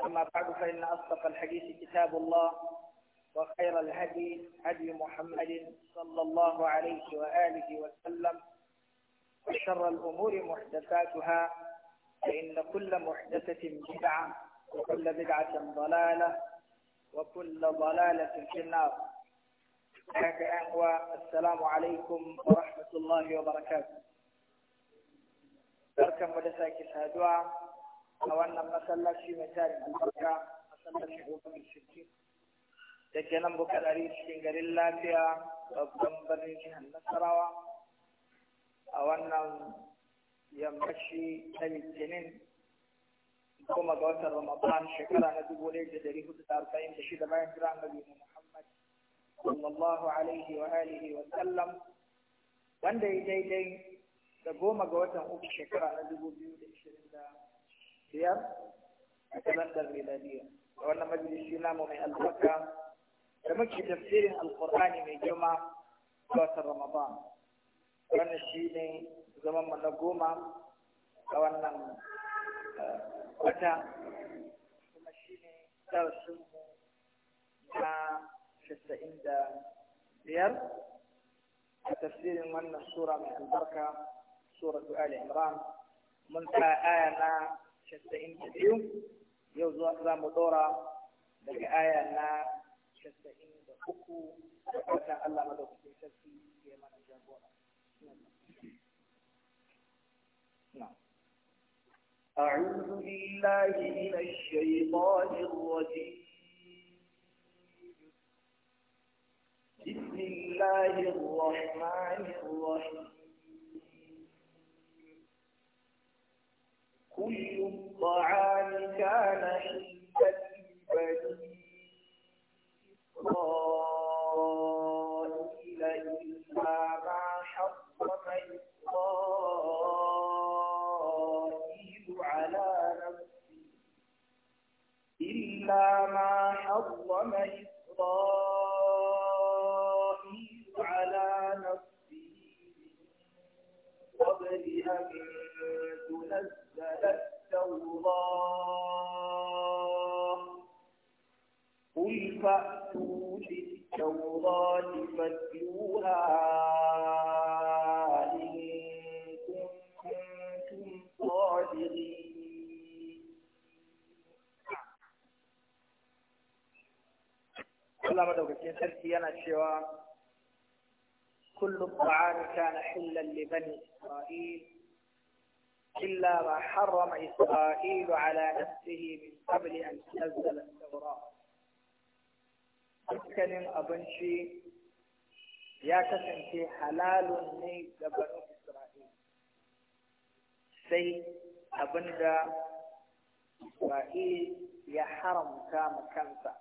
أما بعد فإن أصدق الحديث كتاب الله وخير الهدي هدي محمد صلى الله عليه وآله وسلم وشر الأمور محدثاتها فإن كل محدثة بدعة وكل بدعة ضلالة وكل ضلالة في النار السلام عليكم ورحمة الله وبركاته بركة مدساك الدعاء a wannan masallaci mai tarin albarka masallacin umar shirki da ke nan bukadari cikin garin lafiya babban birnin jihar nasarawa a wannan yammaci ta litinin kuma ga watan ramadan shekara na dubu ɗaya da dari hudu da arba'in da shida bayan jira annabi muhammad sallallahu alaihi wa alihi wa sallam wanda ya daidai da goma ga watan uku shekara na dubu biyu da ishirin da siyar a kalandar miladiya a wannan majalisi namu mai albarka da muke tafsirin alkur'ani mai girma ga watan ramadan wannan shi ne zaman mu na goma a wannan eh, wata kuma shi ne darasinmu na shasa'in da biyar a tafsirin wannan sura mai albarka sura ali imran mun ta aya na شستهين كديو يوزو أكزا مدورا دك آية نا شستهين دفكو وحوشا الله مدوك شستي كيما نجابونا نعم. أعوذ بالله من الشيطان الرجيم بسم الله الرحمن الرحيم كل الطعام كان عند بني إسرائيل إلا ما حرم إسرائيل على نفسه إلا ما حرم إسرائيل على نفسه قبل أن تنزل أنزل التوراة قل فأتوا بالتوراة فاتلوها إن كنتم صادقين Allah madaukakin sarki yana cewa kullum ba'ani kana hillan li bani Isra'il إلا ما حرم إسرائيل على نفسه من قبل أن تنزل التوراة أكن أبنشي يا كسن في حلال ني دبر إسرائيل سي أبندا إسرائيل يا حرم كام كنسا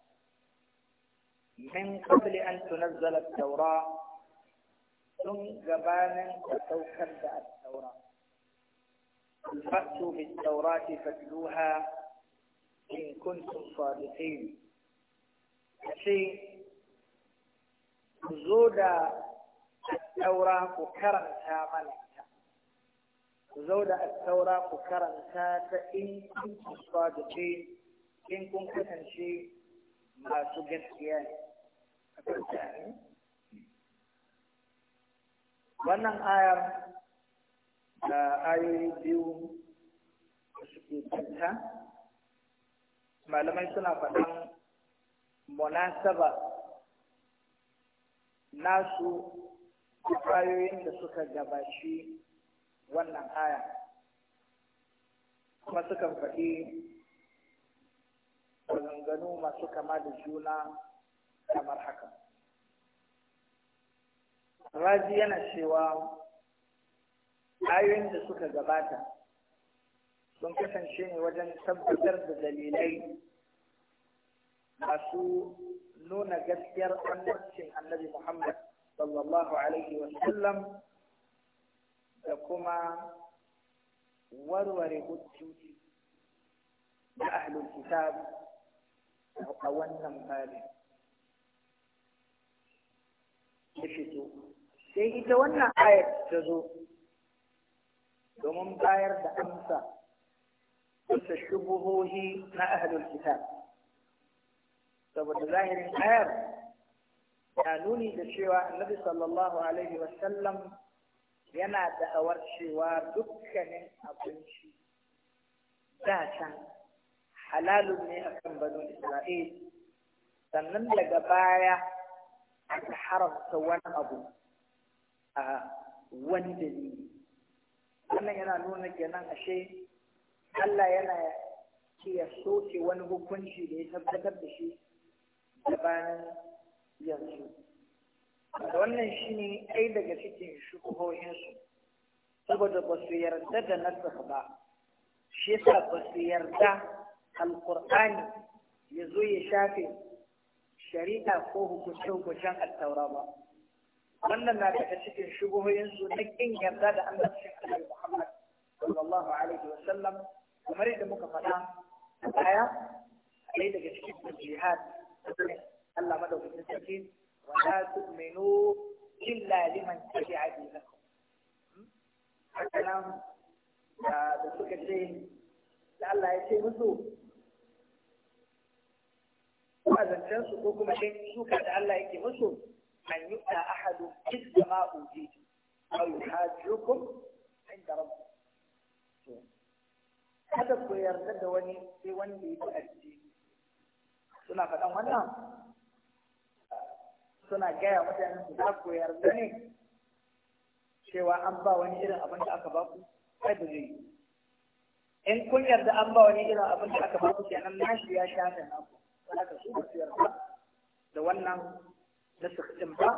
من قبل أن تنزل التوراة ثم جبان تتوكل التوراه فأتوا بالتوراة فاتلوها إن كنتم صادقين ce ku zo da attaura ku karanta mana ta ku zo da attaura ku karanta ta in kun kusa da ce in kun kasance masu gaskiya ne wannan ayar Da ayoyi biyu da suke kanta malamai suna faɗan munasaba nasu ayoyin da suka gabashi wannan aya kuma suka faɗi maganganu masu kama da juna kamar haka raji yana cewa ayoyin da suka gabata sun kasance ne wajen tabbatar da dalilai masu nuna gaskiyar annabcin annabi Muhammad sallallahu alaihi wasallam da kuma warware hujjoji da ahlul kitab a wannan fari. ya fito sai ita wannan ayat ta zo domin bayar da amsa bisa shubuhohi na ahlul kitab saboda zahirin ayar ya nuni da cewa annabi sallallahu alaihi wasallam yana da'awar cewa dukkanin abinci da can halalun ne akan banu isra'il sannan daga baya aka haramta wani abu a wani dalili. wannan yana nuna kenan ashe Allah yana ce ya soke wani hukunci da ya tabbatar da shi da bayan yanzu da wannan shi ne ai daga cikin shukuhohinsu saboda ba su yarda da nasar ba shi yasa ba su yarda alkur'ani ya zo ya shafe shari'a ko hukuncin hukuncen attaura ba wannan na daga cikin shubuhoyinsu na kin yarda da annabcin annabi Muhammad sallallahu alaihi wa sallam kamar yadda muka faɗa a baya ɗaya daga cikin jihad Allah madaukakin sarki wa la tu'minu illa liman tabi'a dinakum haka nan da suka ce da Allah ya ce musu ko a zancensu ko kuma dai suka da Allah yake musu أن يؤتى أحد مثل ما أوتيت أو يحاجكم عند ربكم kada ku yarda da wani sai wanda ya fi addini suna faɗan wannan suna gaya mutane su za ku yarda ne cewa an ba wani irin abin da aka baku? ku kai da zai in kun yarda an ba wani irin abin da aka baku kenan nashi ya shafe naku saboda su ba su yarda da wannan na sakhtin ba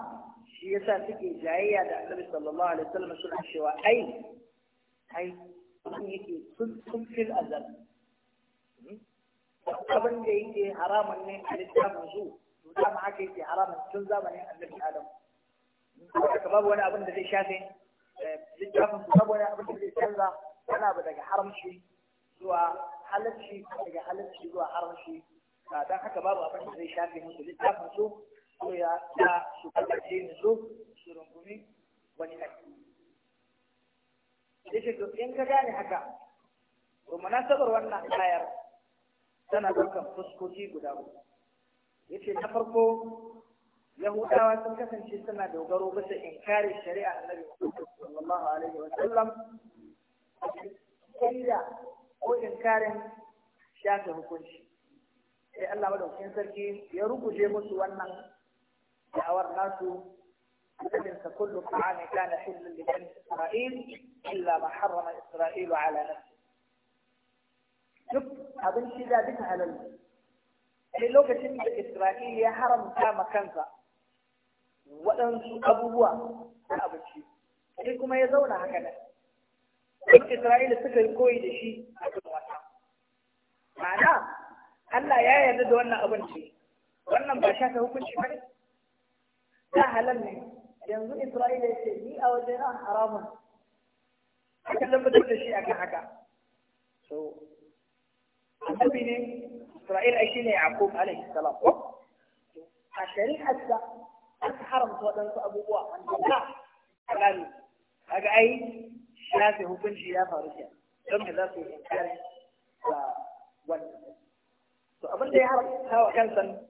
shi yasa suke jayayya da annabi sallallahu alaihi wasallam suna cewa ai ai sun yake sun fil azal hmm? abin da yake haramun ne a littafin su to dama haka yake haramun tun zamanin annabi adam hmm? haka babu wani abin da zai shafe eh, littafin su babu wani abin da zai canza wani abu daga haramci zuwa halarci daga halarci zuwa haramci don haka babu abin da zai shafe musu littafin su ko ya sa shugaban kasance ni su rungumi wani aiki yace to in ka gane haka to munasabar wannan ayar tana dukkan fuskoki guda uku yace na farko yahudawa sun kasance suna dogaro bisa inkari shari'a annabi sallallahu alaihi wa sallam kariya ko inkarin shafe hukunci sai Allah madaukakin sarki ya rubuce musu wannan da'awar nasu أن كل طعام كان حلا لبني إسرائيل إلا ما حرم إسرائيل على نفسه duk abinci da duka halal ne lokacin da Isra'il ya haramta ma kansa waɗansu abubuwa na abinci sai kuma ya zauna haka duk Isra'il suka yi koyi da shi a kan wata Allah ya yarda da wannan abinci wannan ba shaka hukunci ba ne سهلا يعني إسرائيل يسجي أو جناح حراما لكن لما تقول الشيء كحكا شو أبني إسرائيل أشين يعقوب عليه السلام عشان حتى أنت حرم سوادن أبوه عن الله حلال هذا أي شافه هو بن شياف هرجع لم يلاقي إنكار لا ون سو أبدا يعرف هوا كنسن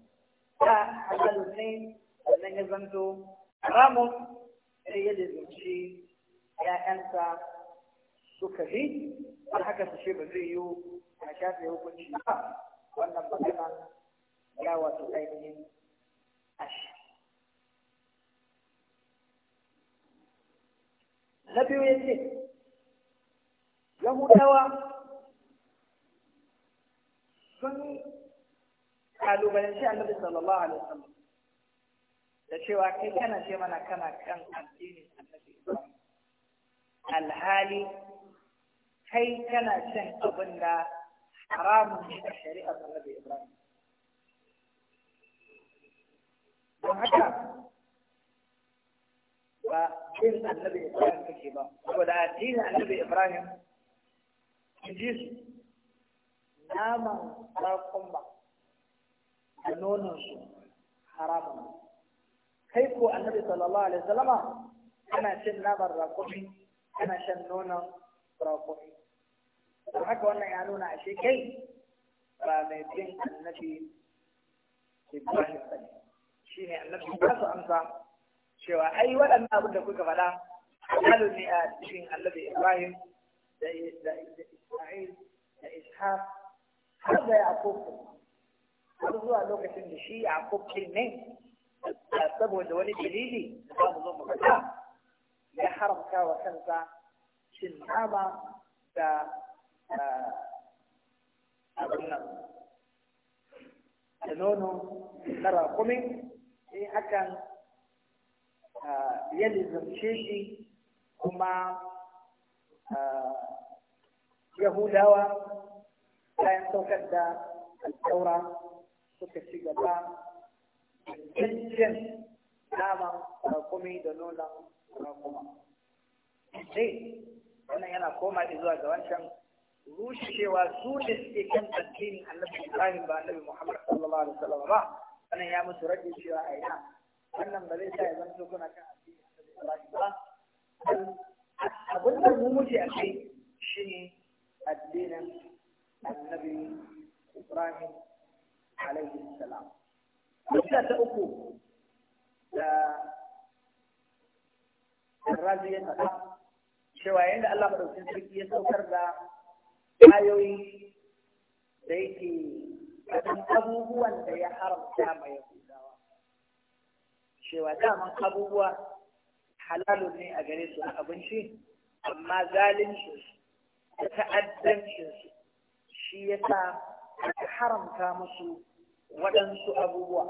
لا حلال اثنين Wannan ya zanto haramun sai ya lizinci ‘ya'yansa suka bi har haka su ce ba zai yi a shafe hukunci ba wannan magana ya wato ainihin ashi na biyu ya ce yahudawa sun kalubalanci annabi sallallahu alaihi wasallam da cewa kai kana ce mana kana kan addinin annabi Ibrahim alhali kai kana cin abin da haramun ne a shari'ar annabi Ibrahim don haka ba bin annabi Ibrahim kake ba saboda addinin annabi Ibrahim ji su naman rakon ba da nonon su haramun ne kai ko annabi sallallahu alaihi wasallama ana cin naman rakumi ana shan nonon rakumi don haka wannan ya nuna a kai ba mai bin annabi Ibrahim ba ne shi ne annabi ba su amsa cewa ai waɗannan abin da kuka faɗa halu ne a cikin annabi Ibrahim da Isma'il da Ishaq har da Yaqub har zuwa lokacin da shi Yaqub ne saboda wani dalili da za mu zo mu faɗa ya haramta wa kansa cin nama da ah, abin nan da nono na rakumin sai hakan ah, ya lizamce shi kuma ah, yahudawa bayan saukar da al'aura suka ci gaba cikakken nama rakumi da nuna rakuma sai wannan yana koma zuwa ga wancan rushewa su da suke kan addinin annabi Ibrahim ba annabi Muhammad sallallahu alaihi wasallam ba wannan ya musu rage cewa a ina wannan ba zai sa ya zanto kuna kan addinin annabi Ibrahim ba abin da mu muke a kai shine addinin annabi Ibrahim alaihi salam Hujja ta uku da Razi ya faɗa cewa yadda Allah maɗaukin sarki ya saukar da ayoyi da yake faɗin abubuwan da ya haramta mai Yahudawa. Cewa daman abubuwa halalun ne a gare su abinci, amma zalunci da ta'addancin shi ya sa haramta musu waɗansu abubuwa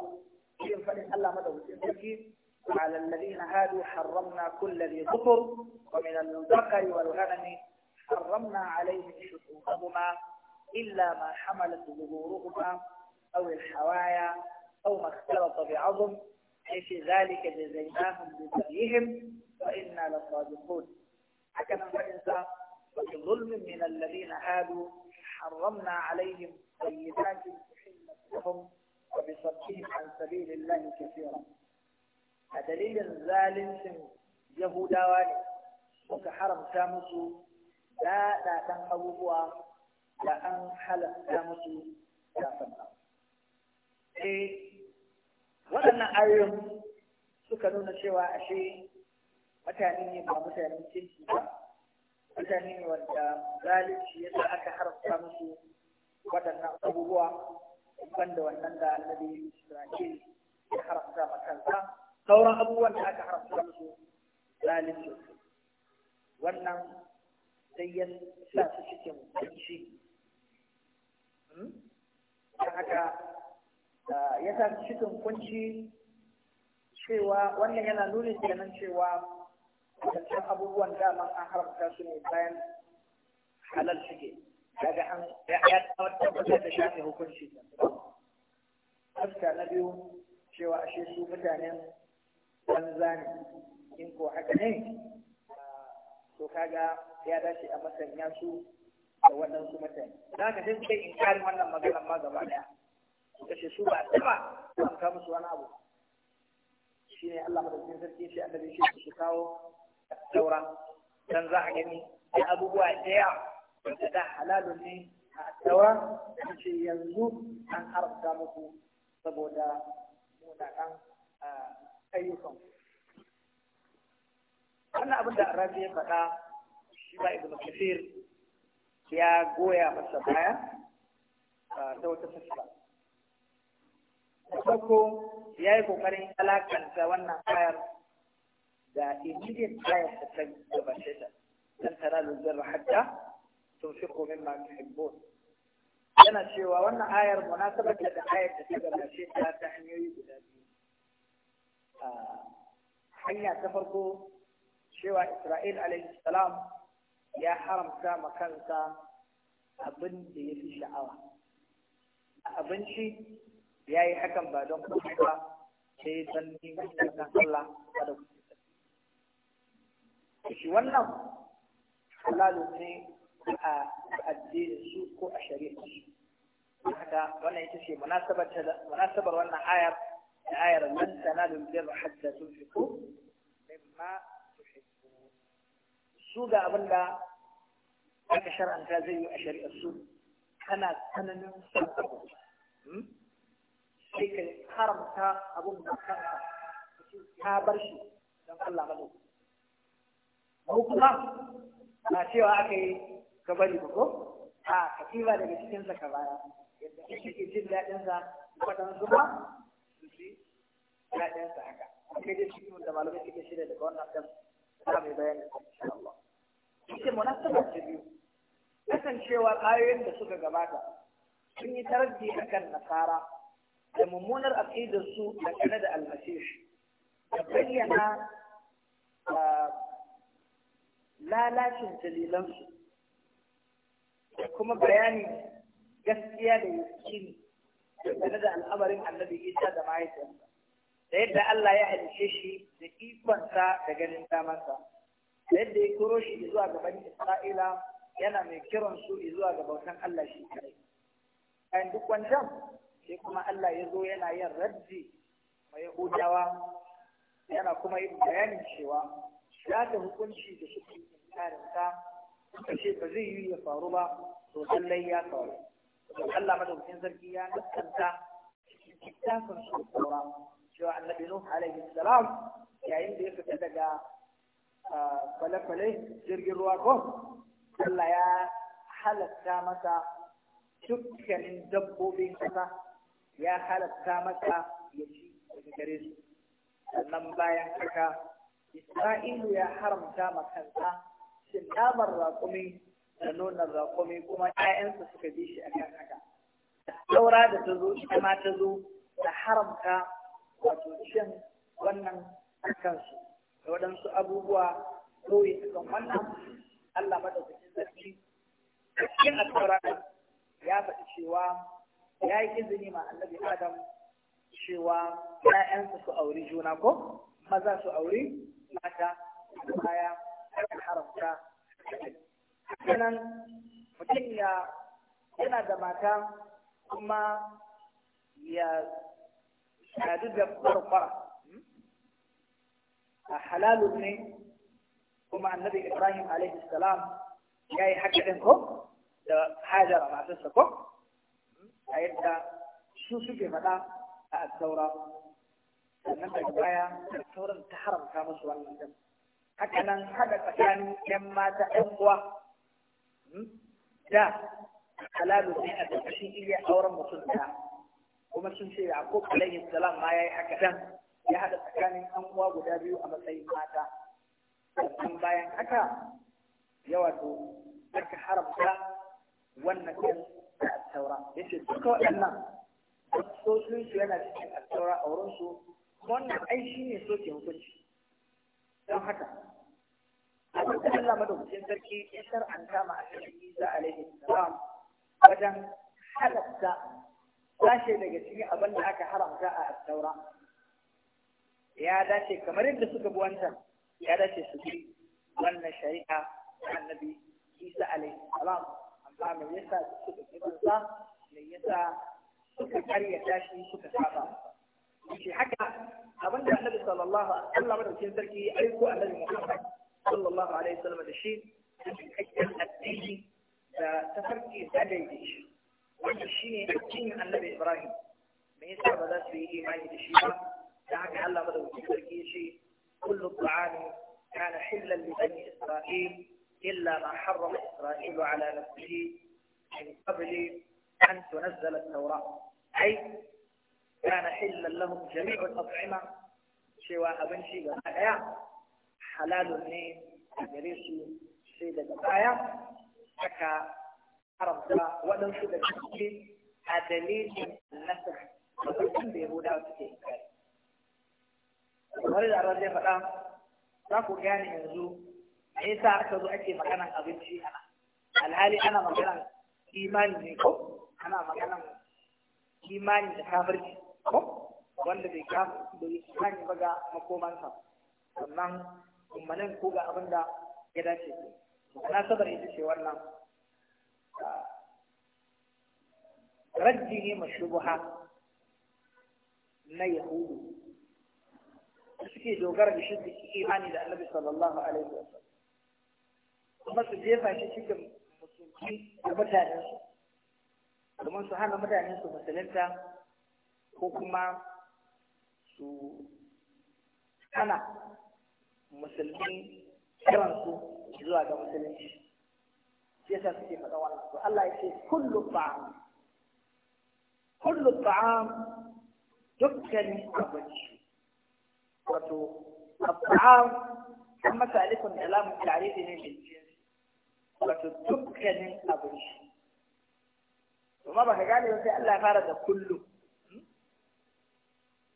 irin فلن الله madawucin على الذين هادوا حرمنا كل ذي ذكر ومن البقر والغنم حرمنا عليهم شحومهما إلا ما حملت ظهورهما أو الحوايا أو ما اختلط بعظم حيث ذلك جزيناهم ببغيهم وإنا لصادقون حكما فإنسا وبظلم من الذين هادوا حرمنا عليهم طيبات وبصدهم عن سبيل الله كثيرا أدليل ذلك يهودا واني وكحرم تامسو لا لا تنقبوا لا أنحل تامسو لا فنقبوا waɗannan ayoyin suka nuna cewa ashe mutane ne ba mutanen kirki ba mutane ne wanda zalunci yasa aka haramta musu waɗannan abubuwa banda da wannan da annabi Ibrahim ya haramta ma kansa sauran abubuwan da aka haramta musu zalunci wannan sai ya sa su cikin kunci ta hmm? haka ya sa su cikin kunci cewa wannan yana nuni kenan cewa karshen abubuwan daman an haramta su ne bayan halal shige daga an ya tabbatar da shafe hukunci fuska na biyu cewa ashe su mutanen banza ne in ko haka ne to kaga ya dace a masanya su da waɗansu mutane za ka sai in inkarin wannan maganar ma gaba ɗaya kashe su ba taɓa an kawo musu wani abu shi ne Allah madaukakin sarki shi annabi shi su kawo taura dan za a gani abubuwa da yawa wanda halalu ne a attawa ce yanzu an haramta muku saboda munanan ayyukan wannan abin da rafi ya faɗa shi ba ibn kafir ya goya masa baya ta wata fasila da farko ya yi kokarin alakanta wannan ayar da immediate ayar ta ta gabace ta dan tara lulzar hatta tunfiqu mimma tuhibbun yana cewa wannan ayar munasabar da ayar da ta gabace ta ta hanyoyi guda biyu hanya ta farko cewa Isra'il alayhi salam ya haramta ma kansa abin da ya fi sha'awa abinci ya yi hakan ba don kuma ba sai san neman kan Allah da kuma shi wannan halalu ne a addinin su ko a shari'a su haka wannan ita ce munasabar wannan ayar da ayar nan lan tanalu birra hatta ko? mimma tuhibbu su ga abinda aka shar'anta zai yi a shari'ar su kana tsananin son abu hmm? sai ka haramta abun da kanka ka bar shi don Allah mazo mu kuma ba cewa aka yi ka bari ba ko a ka ɗiba daga cikin sa ka baya yadda kake ke jin daɗin sa kwaɗan zuma su ji daɗin sa haka kuma dai shi da malamai suke shirya daga wannan kan ta mai bayani insha Allah yake munasaba ta biyu kasancewar ayoyin da suka gabata sun yi tarji akan nasara da mummunar aqidar su dangane da almasih da bayyana ah, lalacin dalilansu da kuma bayani gaskiya da yakini dangane da al'amarin annabi isa da mahaifinsa da yadda Allah ya halishe shi da ikonsa da ganin damansa da yadda ya kiro shi zuwa gaban Isra'ila yana mai kiran su zuwa ga bautan Allah shi kai bayan duk wancan sai kuma Allah ya zo yana yin raddi ma Yahudawa yana kuma yin bayanin cewa ya ta hukunci da shi inkarin sa suka ba zai yi ya faru ba to lallai ya faru don Allah madaukakin sarki ya naskanta littafin su saura cewa annabi nuh alaihi salam yayin da ya fita daga falafale kwale jirgin ruwa ko Allah ya halatta masa dukkanin dabbobin kasa ya halatta masa ya ci daga gare su sannan bayan haka Isra'ilu ya haramta ma shin namar raƙumi da nonon raƙumi kuma ‘ya'yansa suka bi shi a kan haka. Saura da ta zo, ita ma ta zo da haramta wato shin wannan akan kansu da waɗansu abubuwa kawai a kan wannan Allah madaukakin sarki. Cikin asawara ya faɗi cewa ya yi izini ma annabi Adam cewa ‘ya'yansa su auri juna ko maza su auri mata baya aka haramta kenan mutum ya yana da mata kuma ya sadu da kwarkwara a halalun ne kuma annabi ibrahim alaihi salam ya yi haka ɗin ko da hajara matarsa ko a yadda su suke faɗa a saura sannan daga baya sauran ta haramta musu wannan haka nan haɗa tsakanin ‘yan mata ‘yan uwa hmm? da halalu sai a ƙarƙashin iya auren mutum da kuma sun ce a ko alayhi salam ma ya yi haka dan ya haɗa tsakanin ‘yan uwa guda biyu a matsayin mata sannan bayan haka ya wato aka haramta wannan ɗin da saura? ya ce duka waɗannan sosai shi yana cikin a saura a wurinsu wannan ai shi ne soke hukunci don haka abin da Allah madaukakin sarki ya shar'anta ma annabi Isa alaihi salam wajen halatta sashe daga cikin abin da aka haramta a taura ya dace kamar yadda suka bi ya dace su bi wannan shari'a annabi Isa alaihi salam amma me yasa suka kibansa me yasa suka karyata tashi suka saba shi haka abin da annabi sallallahu Allah madaukin sarki ya aiko annabi Muhammad sallallahu alaihi wasallam da shi cikakken addini da tafarki da daidai shi wanda shi ne addinin annabi Ibrahim me yasa ba za su yi imani da shi ba da haka Allah madaukin sarki ya ce kullu ta'ami kana hillan li bani Isra'il illa ma harrama Isra'ilu ala nafsihi min qabli an tunzala at-Taurah ai كان حلا لهم جميع الأطعمة سوى أبن شيبة آية حلال منين جريس سيدة آية حكى حرب دا ولو سيدة كتبين أدليل النسخ وتكون بيهودا وتكون ورد الرجل فقال راكو كاني من ذو عيسى أكدو أكي مكانا أبن شيء أنا الهالي أنا مكانا إيمان منكم أنا مكانا إيمان كافرين wanda bai ka bai kani ba ga makomansa sannan umarnin ko ga abin da ya dace su. na sabar yi ce wannan ah, raddi ne mashubuha na yahudu suke dogara da shi suke imani da annabi sallallahu alaihi wa sallam. kuma su jefa shi cikin musulmi da mutanensu domin su hana mutanensu musulunta ko kuma su hana musulmi kiransu zuwa ga musulunci shi yasa suke faɗa wannan to Allah ya ce kullu ta'am kullu ta'am dukkanin abinci wato ta'am an salikun da lamu tarihi ne mai jinsi wato dukkanin abinci amma ba ka gane sai Allah ya fara da kullum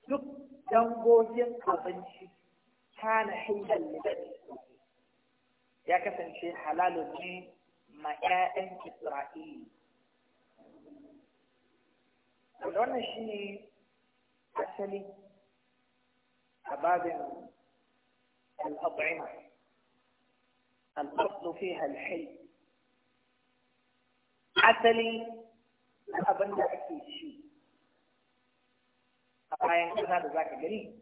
duk dangogin abinci kana hanyar libani ya kasance halalun ne ma 'ya'yan isra'ili wanda wannan shi ne asali a babin al'abu'ina al'abdu fi halhai asali abin da ake ci a bayan kasa da za ka gani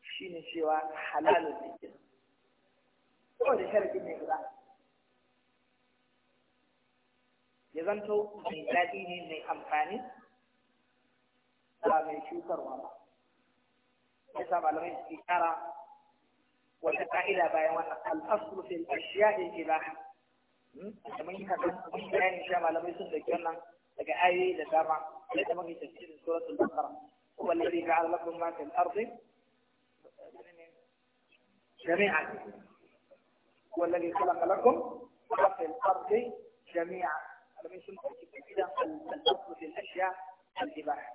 shi ne cewa halalun zikin Kuma da sharafin mai guda ya zanto mai daɗi ne mai amfani ba mai cutarwa ba ya sa malamai suke kara wata ka'ida bayan wannan al'asulu fil ashiya'il ba? Hmm? da mun yi hakan mun bayani sha malamai sun dauki wannan daga ayoyi da dama da kuma tafsirin suratul baqara هو الذي جعل لكم ما في الأرض جميعا هو الذي خلق لكم ما في الأرض جميعا هذا من سنة أجب الأصل في الأشياء الإباحة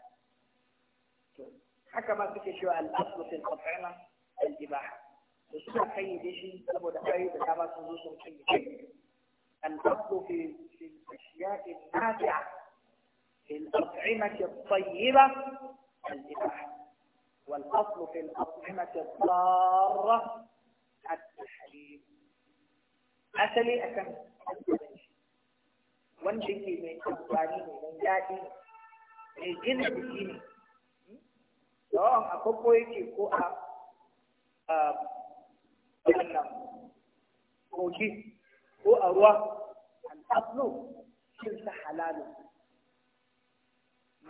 حكما في شو الأصل في القطعنا الإباحة وشو حي بشي لابد حي بكما تنظر حي بشي الأصل في الأشياء النافعة في الأطعمة الطيبة الإباحة والأصل في الأطعمة الضارة التحليل أسلي أكم وانشكي من أبواني من جادي من جنة الدين لو أن أكبو يكي كوة أنم موجي كوة روح الأصل في الحلال الدين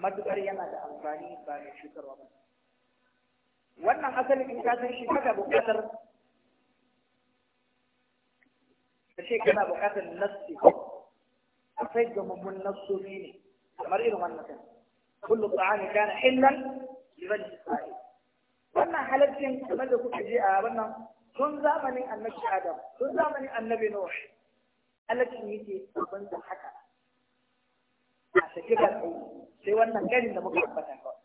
matukar yana da amfani ba da cutarwa ba wannan asalin in ka san shi kaga buƙatar da shi kana buƙatar nassi akwai gamammun nassofi ne kamar irin wannan kan kullu ta'ani kana hillan li bani isra'il wannan halaccin kamar da kuka je a wannan tun zamanin annabi adam tun zamanin annabi nuh halaccin yake abin da haka a sake ba tsaye sai wannan garin da muka ambata kawai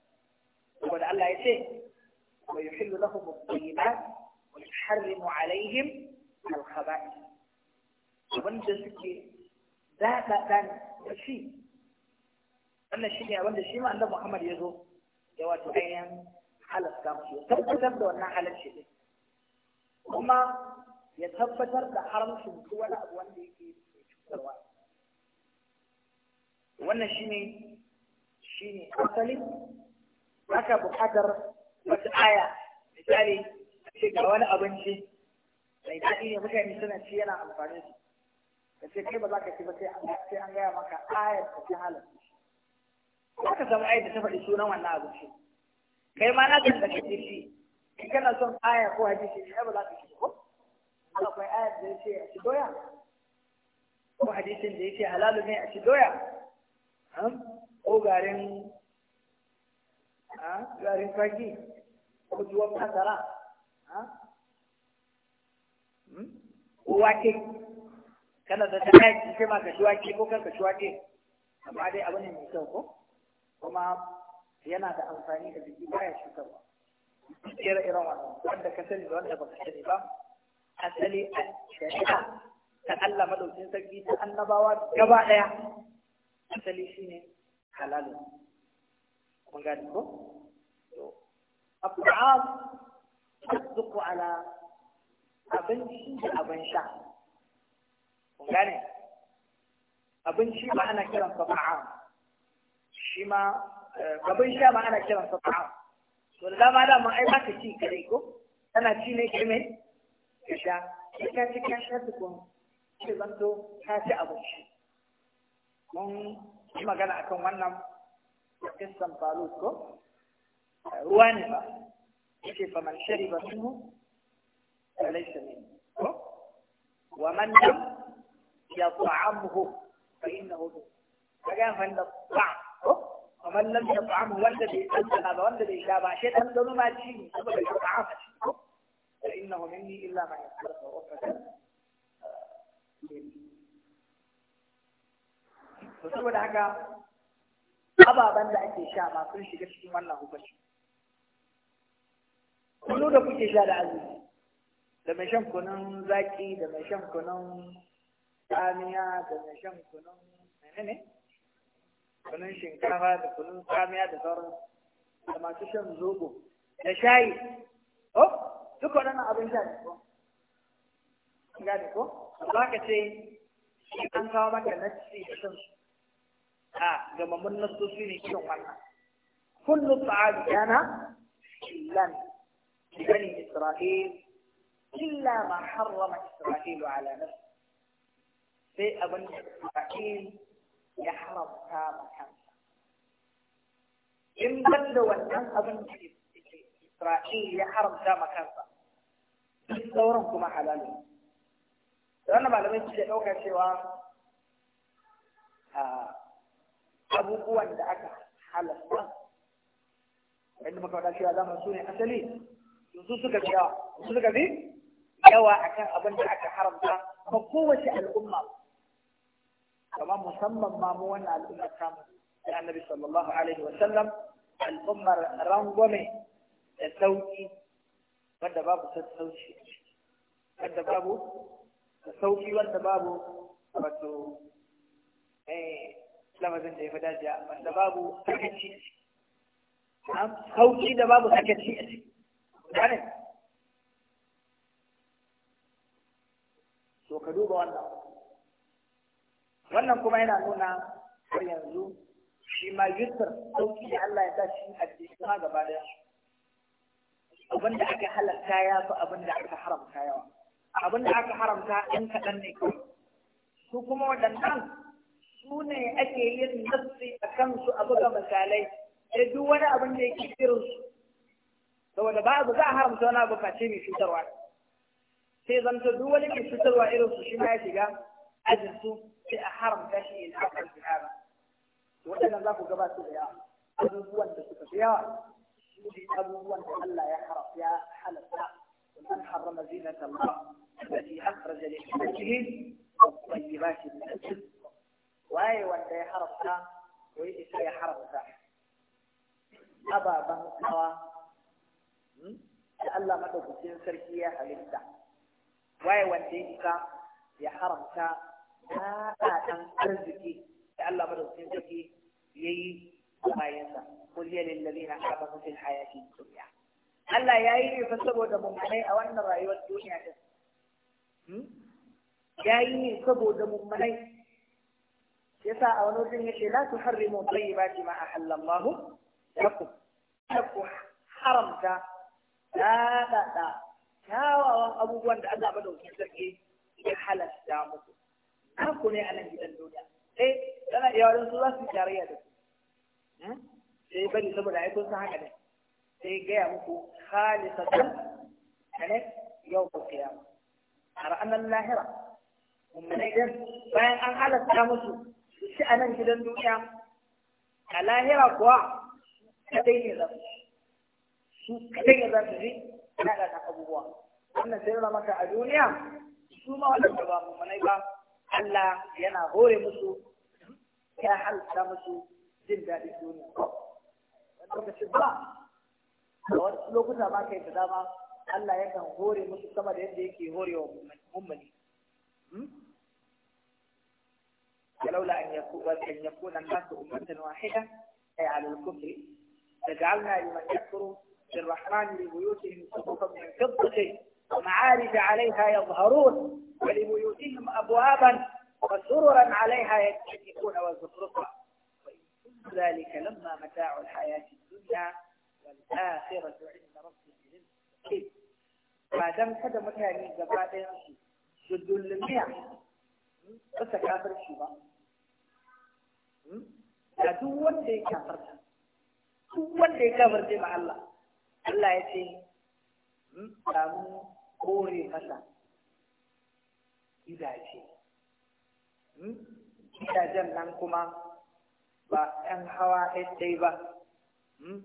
saboda Allah ya ce wa yuhillu lahum at-tayyibat wa yuharrimu alaihim al-khaba'ith wanda suke daɗa ɗan da shi wannan shi ne wanda shi ma Allah Muhammad ya zo ya wato ainihin halasta musu ya tabbatar da wannan halarci ɗin kuma ya tabbatar da haramcin ko wani abu wanda yake cutarwa wannan shi ne شيني أصلي ركب حجر وتعايا مثالي شيء جوانا أبنشي لأن تأيني مش هاي مثلنا شيء أنا عم فارس بس كيف بدك كيف بس عم بحكي عن غير ما كأي في حالة ما كسب أي بس في سونا وانا أبنشي كيف ما نزل بس كذي شيء كيف كان أصلا أي هو هذي شيء كيف بدك كيف هو أنا في أي بس شيء أشدويا هو هذي شيء ko garin ah, garin fagi ko tuwon masara ah, hmm? ko wake kana da ta kai ce ma ka shi wake ko ka shi wake amma dai abu ne mai kyau ko kuma yana da amfani da jiki ba ya shuka ba. kira irin wannan wanda ka sani da wanda ba ka sani ba asali a shari'a ta Allah madaukin sarki ta annabawa gaba daya asali shine halalun kun ko to abu'ab tasduqu ala da eh, abin sha ma ana kiran sa ta'am shi ma abin sha ma ana kiran sa ta'am to da dama dama ai ba ka ci kare ko kana ci ne kai mai ka yi magana akan wannan kissan falut ko eh, ruwa ne ba yake fa man shariba minhu falaysa minhu ko wa man lam yat'amhu fa innahu min a fa inda ba ko wa man lam yat'amhu wanda bai tsana ba wanda bai sha ba shi dan dano ma ci ne saboda ya ta'afa ko fa innahu minni illa ma ya ba wa fa eh, to saboda haka ababen da ake sha ba sun shiga cikin wannan hukunci kunu da kuke sha da azumi da mai shan kunun zaki da mai shan kunun tsamiya da mai shan kunun menene kunun shinkafa da kunun tsamiya da sauran da masu shan zobo da shayi oh duk waɗannan abin sha ne ko gane ko ba ka ce an kawo maka nasi da shan su a gamammun nasosi ne kiran wannan kullu ta'ad yana illan bani isra'il illa ma harrama isra'il wa nafsi sai abin da isra'il ya haramta ma kansa in ban da wannan abin da isra'il ya haramta ma kansa sauran kuma halalu da wannan malamai ke ɗauka cewa a ah, abubuwan da aka halasta wanda muka faɗa cewa zamu zaman su ne asali su suka fi yawa su suka fi yawa akan abin da aka haramta ko kowace al'umma kamar musamman ma mu wannan al'umma ta da annabi sallallahu alaihi wa sallam. al'ummar rangwame da sauki wanda babu sassauci wanda babu da sauki wanda babu wato eh lamarin da ya fi dajiya wanda babu sakaci an sauki da babu sakaci a ciki gane so ka duba wannan wannan kuma yana nuna har yanzu shi ma yusuf sauki da Allah ya sa shi a cikin ma gaba daya abin da aka halatta ya fi abin da aka haramta yawa abin da aka haramta in kaɗan ne kawai su kuma waɗannan su ne ake yin nassi a kansu a buga misalai da duk wani abin da yake irinsu saboda ba za a haramta wani abu face mai cutarwa sai zanta duk wani mai cutarwa irinsu shi ma ya shiga ajin su sai a haramta shi ne a kan jihara waɗannan za ku gabata da yawa abubuwan da suka fi yawa su ne abubuwan da Allah ya haramta ya halatta ومن حرم زينة الله التي أخرج لعباده والطيبات من الرزق waye wanda ya haramta ko ya isa ya haramta ababen hawa hmm? da Allah madaukakin sarki ya halitta waye wanda ya isa ya haramta ɗaɗaɗen arziki da Allah madaukakin sarki ya yi bayansa kul ya lillazi na haɓa fil hayati duniya Allah ya yi ne fa saboda mummunai a wannan rayuwar duniya din hmm? ya yi ne saboda mummunai يسا أونو دين يشي لا تحرموا طيبات ما أحل الله لكم لكم حرم تا لا لا لا كاوا أبو بواند أزا بدو كتركي يحل السلامك أكوني على جيد الدنيا إيه أنا يا رسول الله في جارية إيه بني سبب العيب وصحاك إيه جاي أبوكو خالصة أنك يعني يوم القيامة أرى أن الله رأى ومن أجل فإن أحل السلامك shi a nan gidan duniya a lahira kuwa kadai ne za su kadai ne za su ji na da abubuwa wannan sai nuna maka a duniya su ma waɗanda ba manai ba Allah yana hore musu ya halitta musu jin daɗin duniya wani shi ba a wasu lokuta ma kai da dama Allah yakan hore musu sama da yadda yake hore wa mummuni hmm? ولولا أن يكون أن يكون الناس أمة واحدة أي على الكفر لجعلنا لمن يكفر للرحمن لبيوتهم سقفا من فضة ومعارج عليها يظهرون ولبيوتهم أبوابا وسررا عليها يتكئون وزخرفا وإن ذلك لما متاع الحياة الدنيا والآخرة عند ربك للمستقيم ما دام kada مكاني gaba ɗayan su su dullumiya الشيطان da duk wanda ya kafarta duk wanda ya kafarta ma Allah Allah ya ce hmm, samu kore masa gidaje hmm, gidajen nan kuma ba ɗan hawa ɗai ba hmm,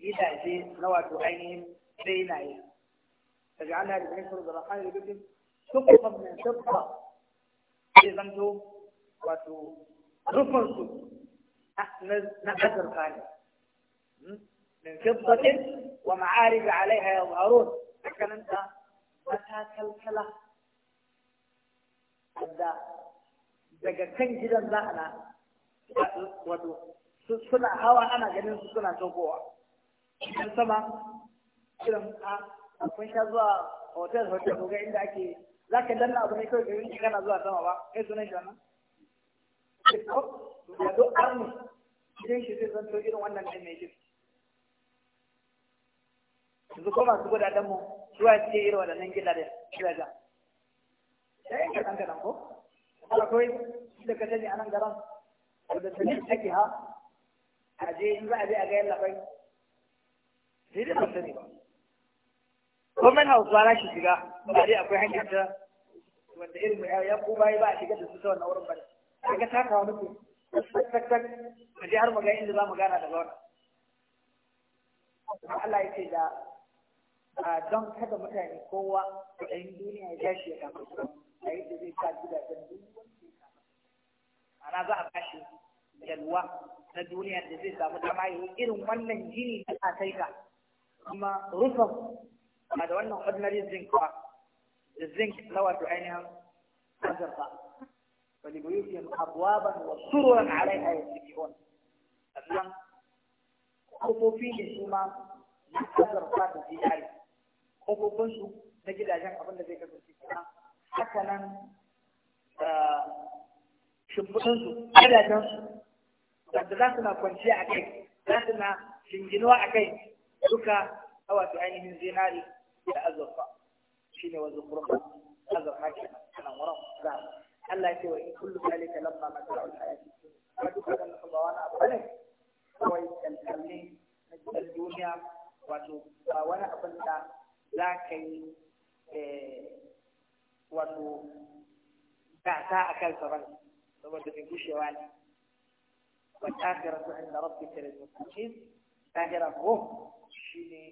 gidaje na wato ainihin benaye daga ana da nashar da rahama da dukkan sukukan nan sabba zai zanto wato rufansu ah, na azurfa ne hmm? min fiddatin wa ma'arij alaiha yadharun hakanan ta kalkala da daga kan gidan za wato suna hawa ana ganin su suna tokowa idan sama irin a kun sha zuwa hotel hotel ga inda ake za ka danna abu ne kawai ka yi kana zuwa sama ba kai sunan shi wannan ko da duk arni idan shi zai zanto irin wannan ɗin mai shirki yanzu ko masu gudaden mu zuwa cikin irin waɗannan gidajen gidajen sai yin kaɗan kaɗan ko akwai da ka sani a nan garan da sanin ake ha a je in za a je a ga yalla bai sai dai ban sani ba ko man hausa na shi shiga ba dai akwai hanyar ta wanda irin ya ko bayi ba a shiga da su ta wannan wurin bane kaga takawa muke tak tak ka je har magana inda za mu gana da laura Allah ya ce da don kada mutane kowa da ɗayin duniya ya tashi ya kama a yadda zai sa gidajen duniya ana za a bashi yalwa na duniya da zai samu dama yi irin wannan jini da a kai ka kuma rufin ba da wannan ordinary zinc ba da zinc na wato ainihin azurfa فلبيوتهم أبوابا وسررا عليها يتكئون أبيان kofofi da su ma na azarfa da zinari kofofinsu na gidajen abin da zai kasance kuma haka nan shimfiɗinsu gidajensu wanda za su na kwanciya a kai za su na shinginuwa a kai duka a wato ainihin zinari da azurfa shine wa zukuru azurfa ke nan wurin za Allah ya ce wa in kullu zalika lamma mata'ul hayati wa duk wannan kabawana abu ne kawai kalkalle na cikin duniya wato ba wani abin da za ka yi wato gasa a kan saban saboda bai gushewa ne wa tsakira su inda rabbi ta da mutaci tsakira ko shi ne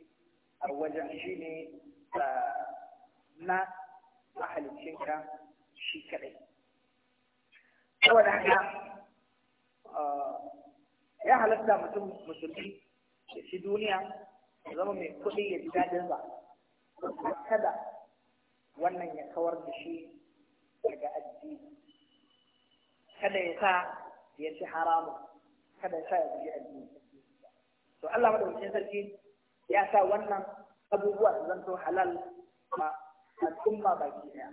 a wajen shi ne na mahalicinka shi kadai saboda haka ya halatta mutum musulmi ya shi duniya ya zama mai kuɗi ya ji daɗin ba kada wannan ya kawar da shi daga addini kada ya sa ya ci haramun kada ya sa ya guji addini to Allah madaukakin sarki ya sa wannan abubuwa su zanto halal ma al'umma baki daya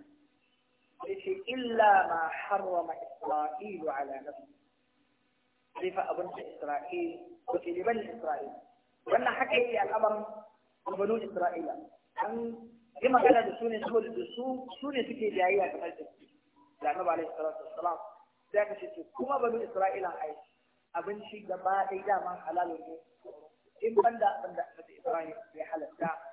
yace illa ma harrama isra'ilu ala nafsi sai abun abin da isra'il ko ke liban isra'il wannan haka yake al'amarin banu isra'ila an yi magana da su ne saboda da su su ne suke jayayya kamar da su da annabi alaihi salatu wassalam sai aka ce kuma banu isra'ila ai abinci gaba ɗaya daman halalun ne in banda abin da Ibrahim ya halatta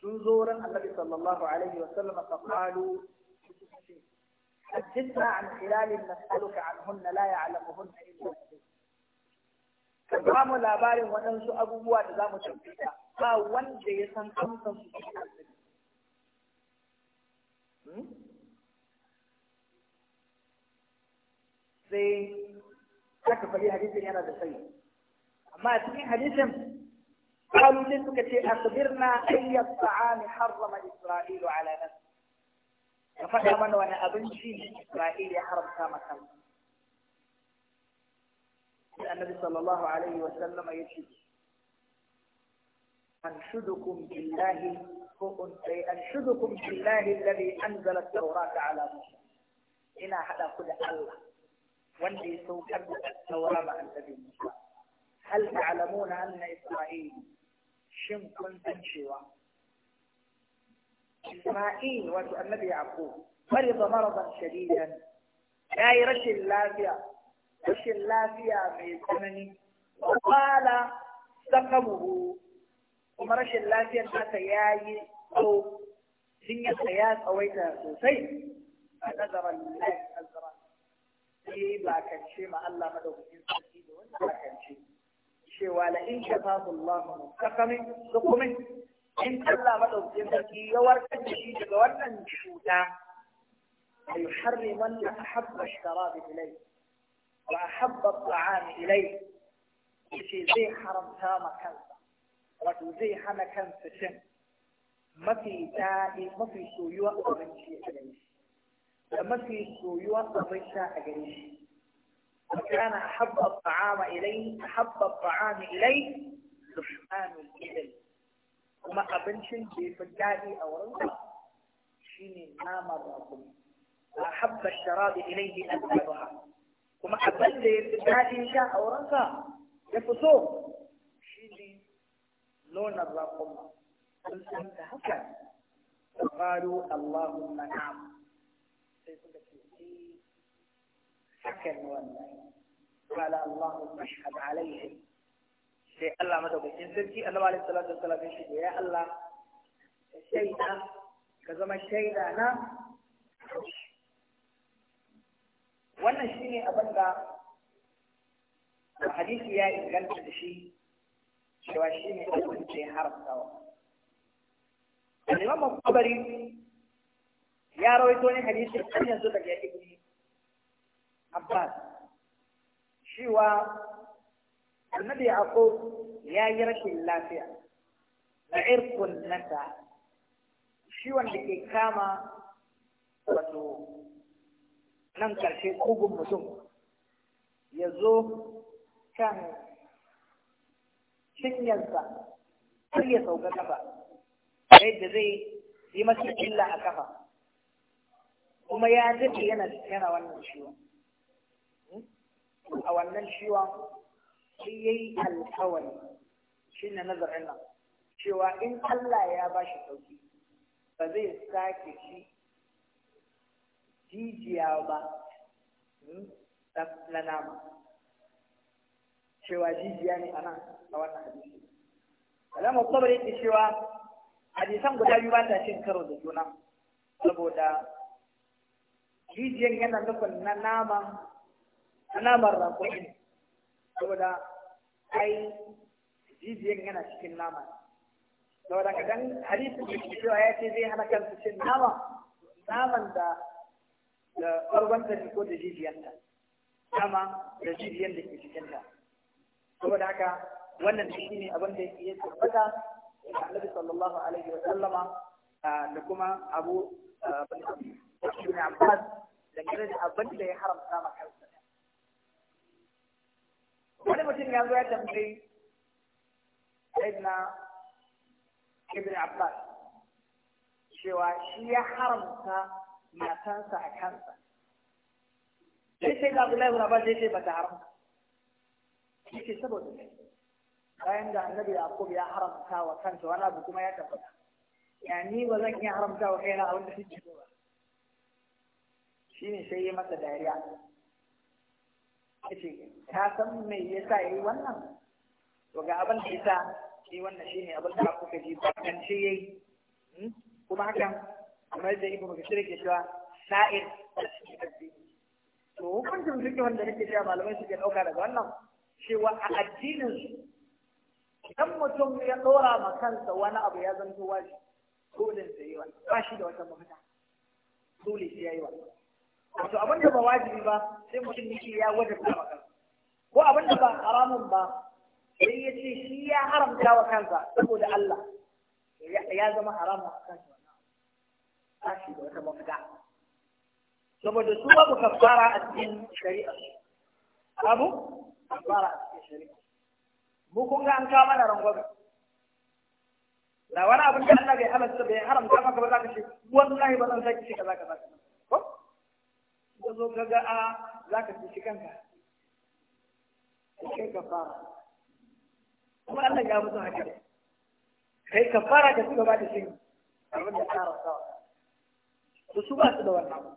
sun zo ran annabi sallallahu alaihi wa sallam fa qalu an عن خلال nas'aluka عنهن لا يعلمهن إلا أنت Ka mu labarin waɗansu abubuwa da za mu tambaya ba wanda ya san amsan su cikin hmm? Sai aka fari hadisin yana da sai. Amma a cikin hadisin قالوا جدك أخبرنا أي الطعام حرم إسرائيل على نفسه فقال من وأنا أبنشي إسرائيل يحرم كما النبي صلى الله عليه وسلم يشهد أنشدكم بالله أنشدكم بالله الذي أنزل التوراة على موسى إنا أحد كل الله وندي سوكر التوراة عن نبي موسى هل تعلمون أن إسرائيل shin kun san cewa Isma'il wato annabi Yaqub bari da maradan shadidan yi rashin lafiya rashin lafiya mai tsanani qala saqabuhu kuma rashin lafiyar haka ta yayi ko sun ya tsawaita sosai a nazarar lillahi azza wa jalla sai ba kance ma Allah madaukakin sarki da wani ba kance شوال إن شفاه الله مستقم سقم إن كلا بدو جمعك يورك جديد ورن شوتا ويحرم أن أحب الشراب إليه وأحب الطعام إليه إشي زي حرم تام كنسا ردو زي حما كنسا شم ما في تاهي ما في سويوة ومن شيء إليه ما في سويوة ومن شيء أجريش وكان أحب الطعام إليه أحب الطعام إليه لحمان الإبل وما أبنشن بفجادي أو رضا شيني نام الرقم وأحب الشراب إليه أذهبها وما أبن بفجادي شاء أو رضا يفسو شيني لون الرقم قلت أنت هكذا فقالوا اللهم نعم hakan ne wannan قال Allah mashhad alaihi sai Allah madaukakin sarki Allah alaihi salatu wassalam shi da ya Allah shaida ka zama shaida na wannan shine abin da hadisi ya inganta da shi cewa shine abin da ya haramta wa Al-Imam ya rawaito ne hadisin kan yanzu daga ibni Abbas cewa annabi Yaqub ya yi rashin lafiya da irkun nata ciwon da ke kama wato nan karshe kugun mutum ya zo kan cinyarsa har ya sauka kafa yadda zai yi masa illa a kafa kuma ya daɗe yana yana wannan ciwon a wannan ciwon sai ya yi alkawari shi ne nazarin nan cewa in Allah ya ba shi sauki ba zai sake shi jijiya ba hmm, na nama cewa jijiya ne a nan a wannan hadisi al tsabar yake cewa hadisan guda biyu ba ta cin karo da juna saboda jijiyan yana nufin na nama naman raƙumi ne saboda ai jijiyan yana cikin nama saboda ka dan hadisin da ke cewa ya ce zai hana kansu cin nama naman da da ɓargonta da ko da jijiyanta nama da jijiyan da ke cikinta saboda haka wannan shi ne abin da ya tabbata da annabi sallallahu alaihi wa sallama da kuma abu ibn Abbas da kare da abin da ya haramta maka wani mutum ya zo ya tambayi sayyidina ibn abbas cewa shi ya haramta matansa a kansa sai sai ga abdullahi ibn abbas sai ba ta haramta ce saboda ne bayan da annabi yaqub ya haramta wa kansa wani abu kuma ya tabbata ya ni ba zan iya haramta wa kaina abin da suke so ba ne sai ya masa dariya ka san me yasa yayi wannan to ga abin da yasa shi wannan shine abin da kuka ji bakan ce yayi hmm? kuma hakan kamar da ibnu bashir ke cewa sa'ir to hukuncin fiqh wanda nake cewa malamai suke dauka daga wannan cewa a addinin idan mutum ya dora ma kansa wani abu ya zanto wajibi dole sai yi wannan ba shi da wata mafita dole sai yayi wannan wato abin da ba wajibi ba sai mutum yake ya wajabta wa kansa ko abin da ba haramun ba sai ya ce shi ya haramta wa kansa saboda Allah ya zama haramun a kansa tashi da wata mafita saboda su babu kafara a cikin shari'a babu kafara a cikin shari'a mu kun ga an kawo mana rangwame da wani abin da Allah bai haramta bai haramta maka ba za ka ce wallahi ba zan saki shi kaza kaza ka zo ka ga a za ka cuci kanka kai ka fara kuma Allah ya mutu haka ne kai ka fara ka ci gaba da shi abin da tsara sawa to su ba su da wannan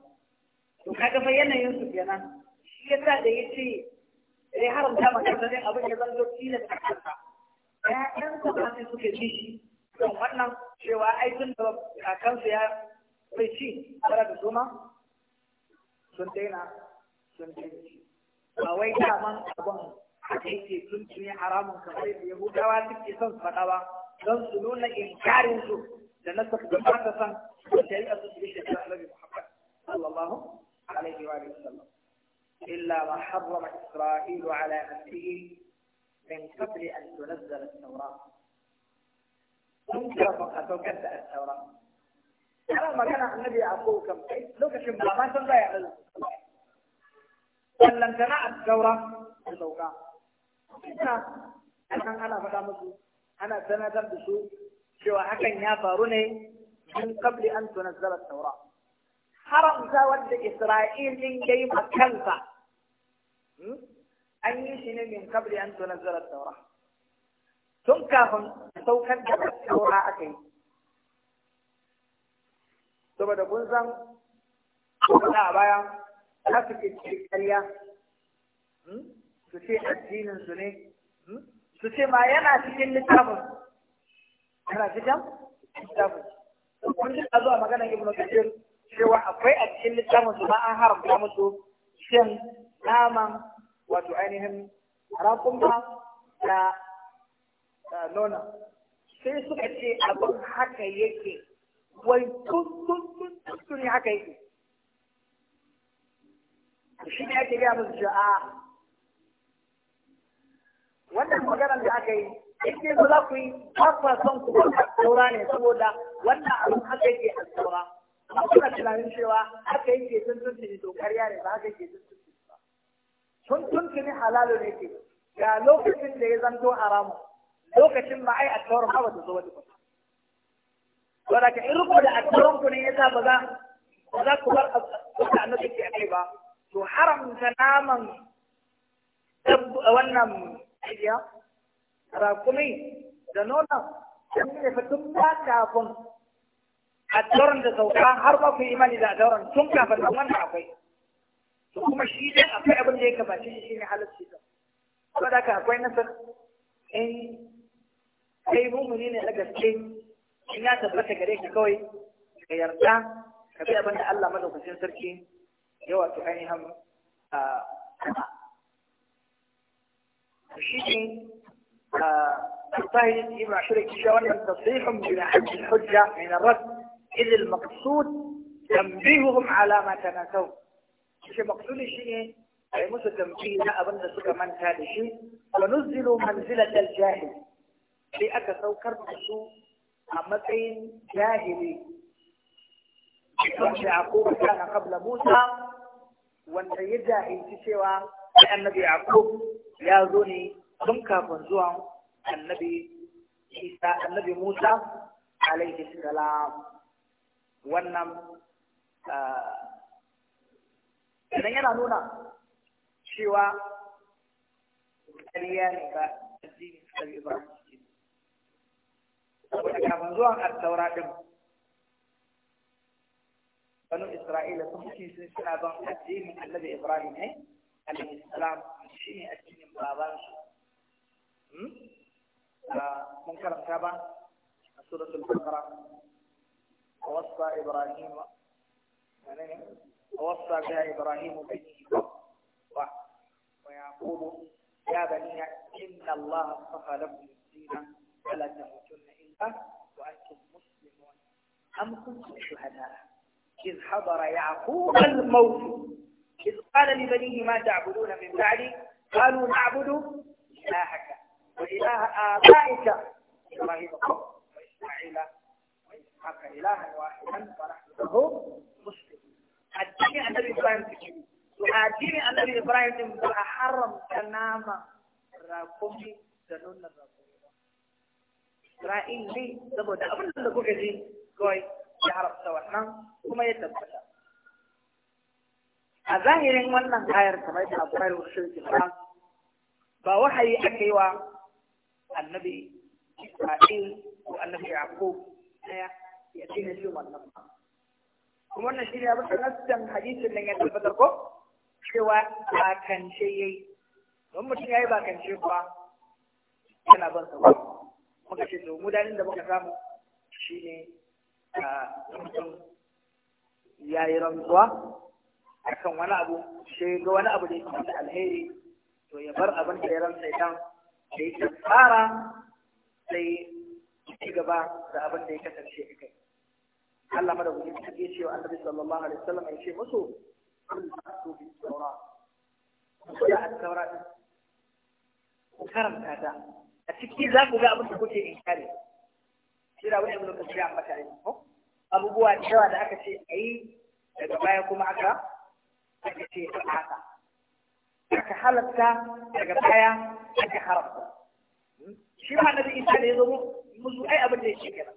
to kaga fa yanayin su kenan shi ya sa da yace sai eh, haramta ma kansa ne abin ya zanto tilas da kansa ƴaƴansa ba sai suke ji shi don wannan cewa ai tun da kansu ya bai ci fara da zoma. sun daina sun daina shi ba wai daman abin haka yake sun tuni haramun kamar yadda yahudawa suke son su faɗa ba don su nuna inkarin su da na saka da ba ta san da shari'a su shi da annabi Muhammad sallallahu alaihi wa sallam illa ma harrama isra'ilu ala nafsihi min qabli an tunzala at-taurah sun kafa a saukar da at-taurah ana magana annabi a ko kam lokacin ba ma san baya Allah wannan kana a gaura da sauka ina anan ana faɗa musu ana sanatar da su cewa hakan ya faru ne min qabli an tunazzala at-taura haramta wanda Isra'il din yayi makansa hmm? an yi shi ne min qabli an tunazzala at-taura tun kafin saukar da taura aka yi saboda kun san kuma a baya za su ke cikin ƙarya hmm? su ce addinin su ne hmm? su ce ma yana cikin littafin yana cikin littafin kun ji a zuwa maganar ibnu kathir cewa akwai a cikin littafin su ma an haramta musu shin naman wato ainihin ba, da nona sai suka ce abin haka yake wai kun kun kun kun ne haka yake shi ne ake gaya musu a wannan magana da aka yi in dai ba za ku yi kafa son ku ba saura ne saboda wannan abin haka yake a saura kuna tunanin cewa haka yake sun tuntuni to ƙarya ne ba haka yake sun tuntuni ba sun tuni halalu ne ke ga lokacin da ya zanto haramu lokacin ma ai a saura ba ba ta zo wani Wanda ka in da addinin ku ne ya sa ba za ba za ku bar abin annabi ke kai ba. To haramta naman wannan ajiya rakumi da nonon sun ne fa tun ba kafin addauran da sauka har ba ku imani da addauran tun kafin wannan akwai. To kuma shi dai akwai ya halarci akwai in na gaske in ya tabbata gare ka kawai ka yarda ka bi abin da Allah madaukakin sarki ya wato ainihin a shi ne الطاهر ابن عشر الشوال تصريح من حج الحجة من الرد إذ المقصود تنبيههم على ما تناسوا مش مقصود شيء أي موسى تنبيه لا أبن سك من هذا الشيء ونزلوا منزلة الجاهل لأكثوا كرمسوا a matsayin jahili wanda Yaqub kana kabla Musa wanda ya jahilci cewa annabi Yaqub ya zo ne tun kafin zuwan annabi Isa annabi Musa alaihi salam wannan idan yana nuna cewa ƙarya ne ba addini ba. saboda kafin zuwan attaura din banu isra'ila sun fi sun suna ban addinin annabi ibrahim ne alaihi salam shi ne addinin babansu mun karanta ba a suratul baqara ووصى إبراهيم ووصى بها إبراهيم بنيه ويعقوب يا بني إن الله اصطفى لكم الدين فلا تموتن أم كنتم شهداء إذ حضر يعقوب الموت إذ قال لبنيه ما تعبدون من بعدي قالوا نعبد إلهك وإله آبائك إبراهيم وإسماعيل وإسحاق إلها واحدا ونحن له مسلمون أن أبي إبراهيم تجيب وأديني النبي إبراهيم تجيب أحرم كنام راكمي دنون الرسول إسرائيل لي سبب أبن لكم Goy ya haramta wannan kuma ya tabbata a zahirin wannan ayar ta mai ta bayar wa shirki ba wahayi aka yi wa annabi Isra'il ko annabi Yaqub ya ya dina shi wannan ba kuma wannan shi ne abin da nassan hadisin nan ya tabbatar ko cewa bakance ya yi don mutum ya yi bakance kuwa yana ban sa muka ce to mu da muka samu shi ne ya yi rantsuwa akan wani abu shi ga wani abu da yake da alheri to ya bar abin da ya rantsa idan da yake tsara sai ci gaba da abin da ya kasance a kai Allah mada gudun ta ke cewa annabi sallallahu alaihi wasallam ya ce musu kun su bi saura ku da at-taura ku karanta ta a cikin za ku ga abin da kuke inkari shira wani ibn kasir an mata ne ko abubuwa da yawa da aka ce ayi daga baya kuma aka aka ce aka aka halatta daga baya aka haramta shi ma nabi isa da yazo musu ai abin da yake kenan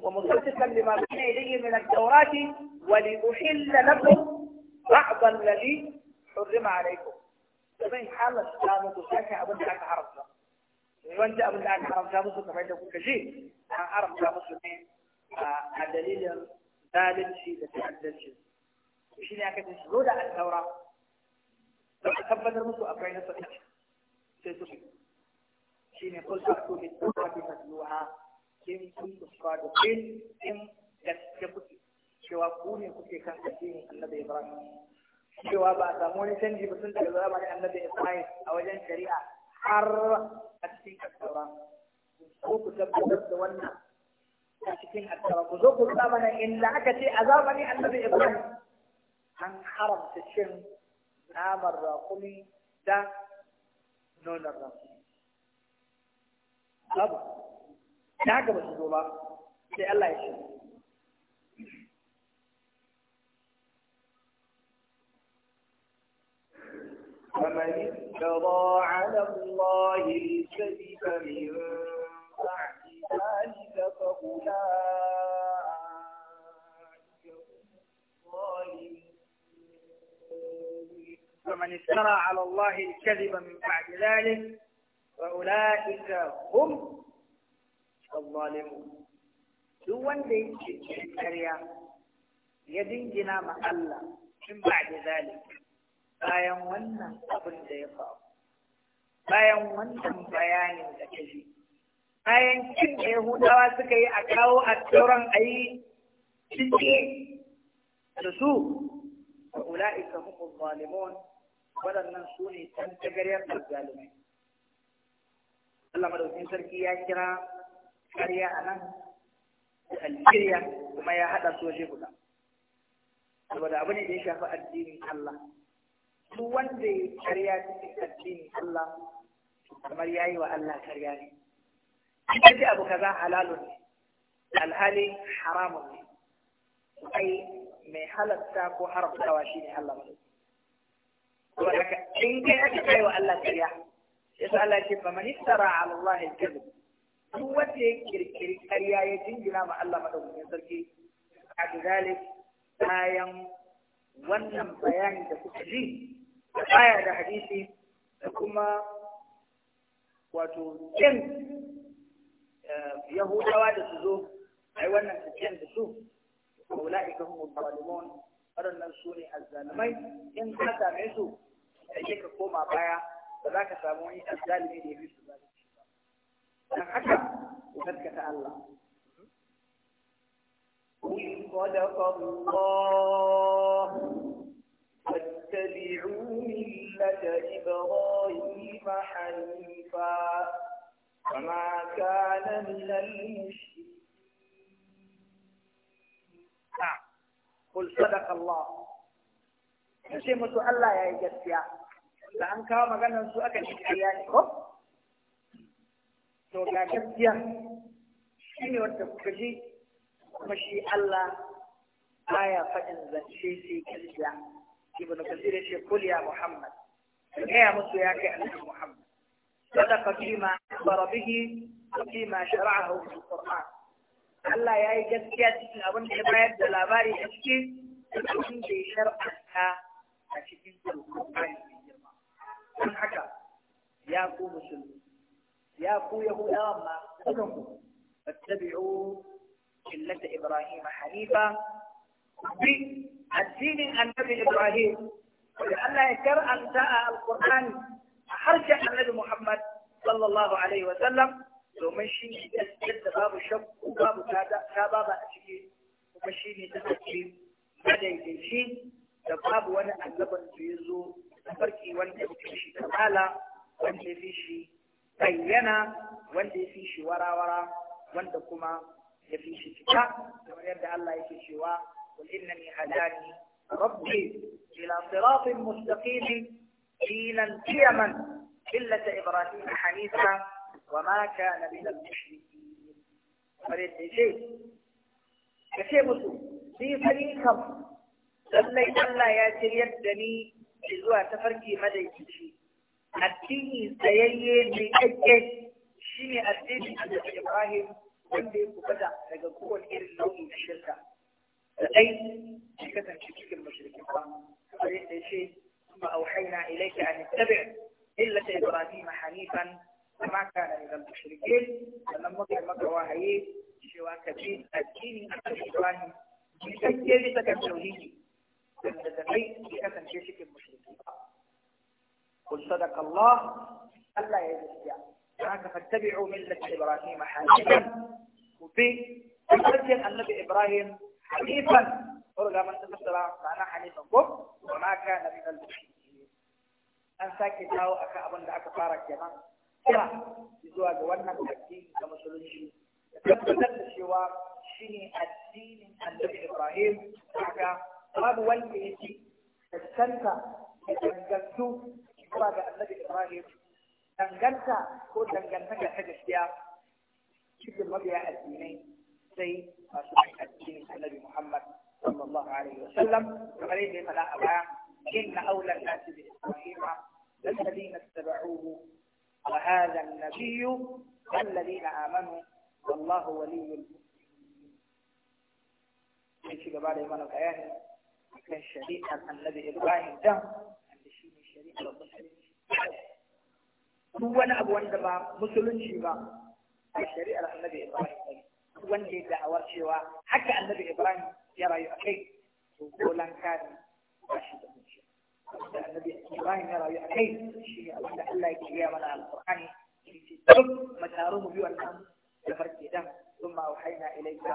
ومصدقا لما بين يديه من التوراة ولأحل لكم بعض الذي حرم عليكم. فمن حال السلام وتشاكى أبن حرمته. wanda abin da aka haramta musu kamar da kuka ce an haramta musu ne a dalilin zalunci da ta'addanci shi ne aka ce su zo da al don a tabbatar musu akwai na sa'a sai su shi ne kulta ko bi tsawa bi ha in kun kusa da kin in gaske kuke cewa ku ne kuke kan addinin annabi ibrahim cewa ba a samu wani canji ba sun daga ne da annabi ibrahim a wajen shari'a har a cikin attaura ko ku tabbatar da wannan a cikin attaura ku zo ku rubuta mana in aka ce a zamanin annabi ibrahim an haramta cin namar raƙumi da nonon raƙumi babu da haka ba su zo ba sai Allah ya shi فمن افترى على الله الكذب من بعد ذلك فأولئك الظالمون فمن افترى على الله الكذب من بعد ذلك فأولئك هم الظالمون duk wanda ya ce ƙarya ya dingina ma Allah in da bayan wannan abin da ya faru bayan wannan bayanin da ta yi bayan cin da yahudawa suka yi a kawo a tsoron a yi cinye da su a ula'ika hukun zalimon waɗannan su ne can tagariyar zalimai Allah madaukin sarki ya kira ƙarya a nan da alkiriya kuma ya haɗa soje guda saboda abu ne da ya shafi addinin Allah duk wanda ya karya cikin addini Allah kamar yayi wa Allah karya ne kace abu kaza halalu ne alhali haramu ne kai mai halatta ko haramtawa ne Allah ba kuma haka in kai aka kai wa Allah karya yasa Allah ce fa man ala Allah al duk wanda ya kirkiri karya ya jingina ma Allah madaukakin sarki a zalik bayan wannan bayani da kuka ji aya da hadisi da kuma wato kin eh, yahudawa da su zo ai wannan cikin da su ulaika hum zalimun waɗannan su ne azzalimai in ka same su sai ka koma baya ba za ka samu wani azzalimi da ya fi su zalunci ba dan haka ku gaskata Allah قل الله اتبعوا ملة إبراهيم حنيفا وما كان من المشركين نعم. قل صدق الله نسيمة الله يا جسيا لأن كان مغانا سؤالك شكيانك تو يا جسيا شيني وتفكري مشي أَلَّا آية فإن ذا الشيء في كل ibn kasir ya ce kul ya muhammad ka gaya musu ya kai annabi muhammad sadaqa fima akhbara bihi wa fima shara'ahu fil qur'an Allah ya yi gaskiya cikin abin da ya bayar da labari a ciki abin da ya shar'anta a cikin alqur'ani mai girma don haka ya ku musulmi ya ku yahudawan ma ku fattabi'u millata ibrahim hanifa bi addinin annabi Ibrahim da Allah ya karanta a Alƙur'ani a harshen annabi Muhammad sallallahu alaihi wa sallam domin shi ne yadda babu shakku babu ta baba a ciki kuma shi ne ta tafi madaidaici da babu wani annaban da ya zo da farki wanda ya fi shi kamala wanda ya fi shi bayyana wanda ya fi shi warawara wanda kuma ya fi shi cika kamar yadda Allah yake cewa قل إنني هداني ربي إلى صراط مستقيم دينا قيما قلة إبراهيم حنيفا وما كان من المشركين فريد شيء كثير مسلم في فريق لما يتلى يا سيد دني إذوا تفرقي مدى يمشي أتيني سيئي بأجه شيني أتيني أبي إبراهيم وندي كبدا لقد قول إير النوم الشركة لكي شكة شكيك المشركين فليس شيء ثم أوحينا إليك أن اتبع ملة إبراهيم حنيفا فما كان من المشركين لما مضي مكة وهي شوى كبير الدين إبراهيم بشكل تكتوهيدي لما تتفيد شكة شكيك المشركين قل صدق الله ألا يجزي هذا فاتبعوا ملة إبراهيم حنيفا وفي تسجل النبي إبراهيم حنيفا ورجع من تفسر معنى حنيفا كم وما كان من المشركين أن ساكت أو أكا أبن دعك فارك يا من كلا يزوى جوانا الدين كما كمسلمين يتبدل الشواء شيني الدين عن النبي إبراهيم حكا باب والدي السلطة يتنجلتو zuwa ga annabi إبراهيم danganta ko dangantaka ta gaskiya cikin المبيع addinai شيء أصبح الدين النبي محمد صلى الله عليه وسلم وعليه لا أبا إن أولى الناس بإسرائيل الذين اتبعوه وهذا النبي والذين آمنوا والله ولي المسلمين في بعض إيمان الآيات كان الشريعة النبي إبراهيم ده عند الشيء الشريعة هو أبو أنت ما مسلم شيء ما الشريعة النبي إبراهيم وانجي دا اوارشي وا النبي ابراهيم يرى يؤكي وقولان كان رشيد من شيء النبي ابراهيم يرى يؤكي الشيء وحده الا يجي على القران مداره بيو الهم لفرق دم ثم اوحينا اليك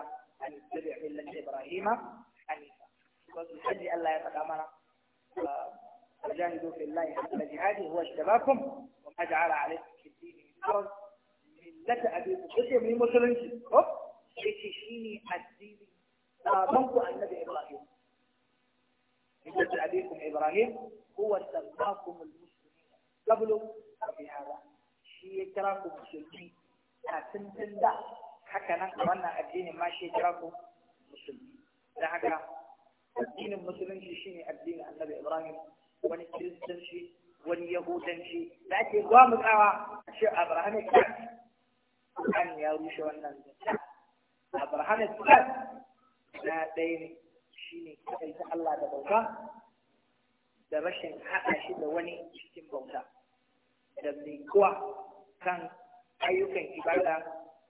ان اتبع مله ابراهيم حنيفا وفي حج الله يتقامنا فجاهدوا في الله حتى جهاده هو اجتباكم وما جعل عليكم في الدين من فرض مله ابيكم بشر من مسلمين shi ne addini sabon ku annabi Ibrahim inda abikum Ibrahim huwa sabbakum almuslimin qablu fi hada shi ya kira ku musulmi kafin tun da haka nan a wannan addinin ma shi ya kira ku musulmi da haka addinin musulunci shi ne addinin annabi Ibrahim wani kiristanci wani yahudanci da ake gwamutsawa a shi Ibrahim ya an ya rushe wannan zance a barhanar na ɗaya ne shi ne kaɗaita Allah da bauta da rashin haɗa shi da wani cikin bauta da kuwa kan ayyukan ibada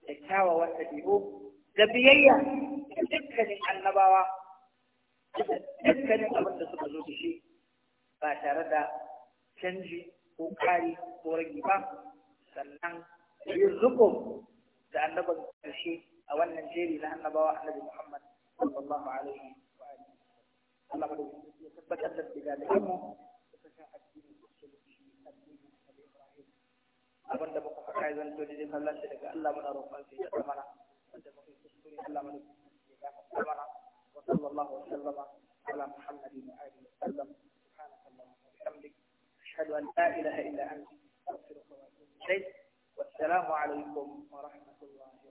da kyawawan ɗabi'u da biyayya da dukkanin annabawa da dukkanin abin da suka zo da shi ba tare da canji ko ƙari ko rage ba sannan yin zuko da annaban shi. a wannan jeri na annabawa annabi Muhammad sallallahu alaihi wa alihi Allah ba ya tabbatar da daga da mu da san addini musulunci addini Nabi Ibrahim abin da muka faɗa zan to dai Allah shi daga Allah muna roƙon shi ya tsamana wanda muka yi kuskure Allah mana ya gafarta mana wa sallallahu wa sallama ala Muhammadin wa alihi wa sallam subhanaka allahumma wa bihamdik ashhadu an la ilaha illa anta astaghfiruka wa atubu ilayk والسلام عليكم ورحمة الله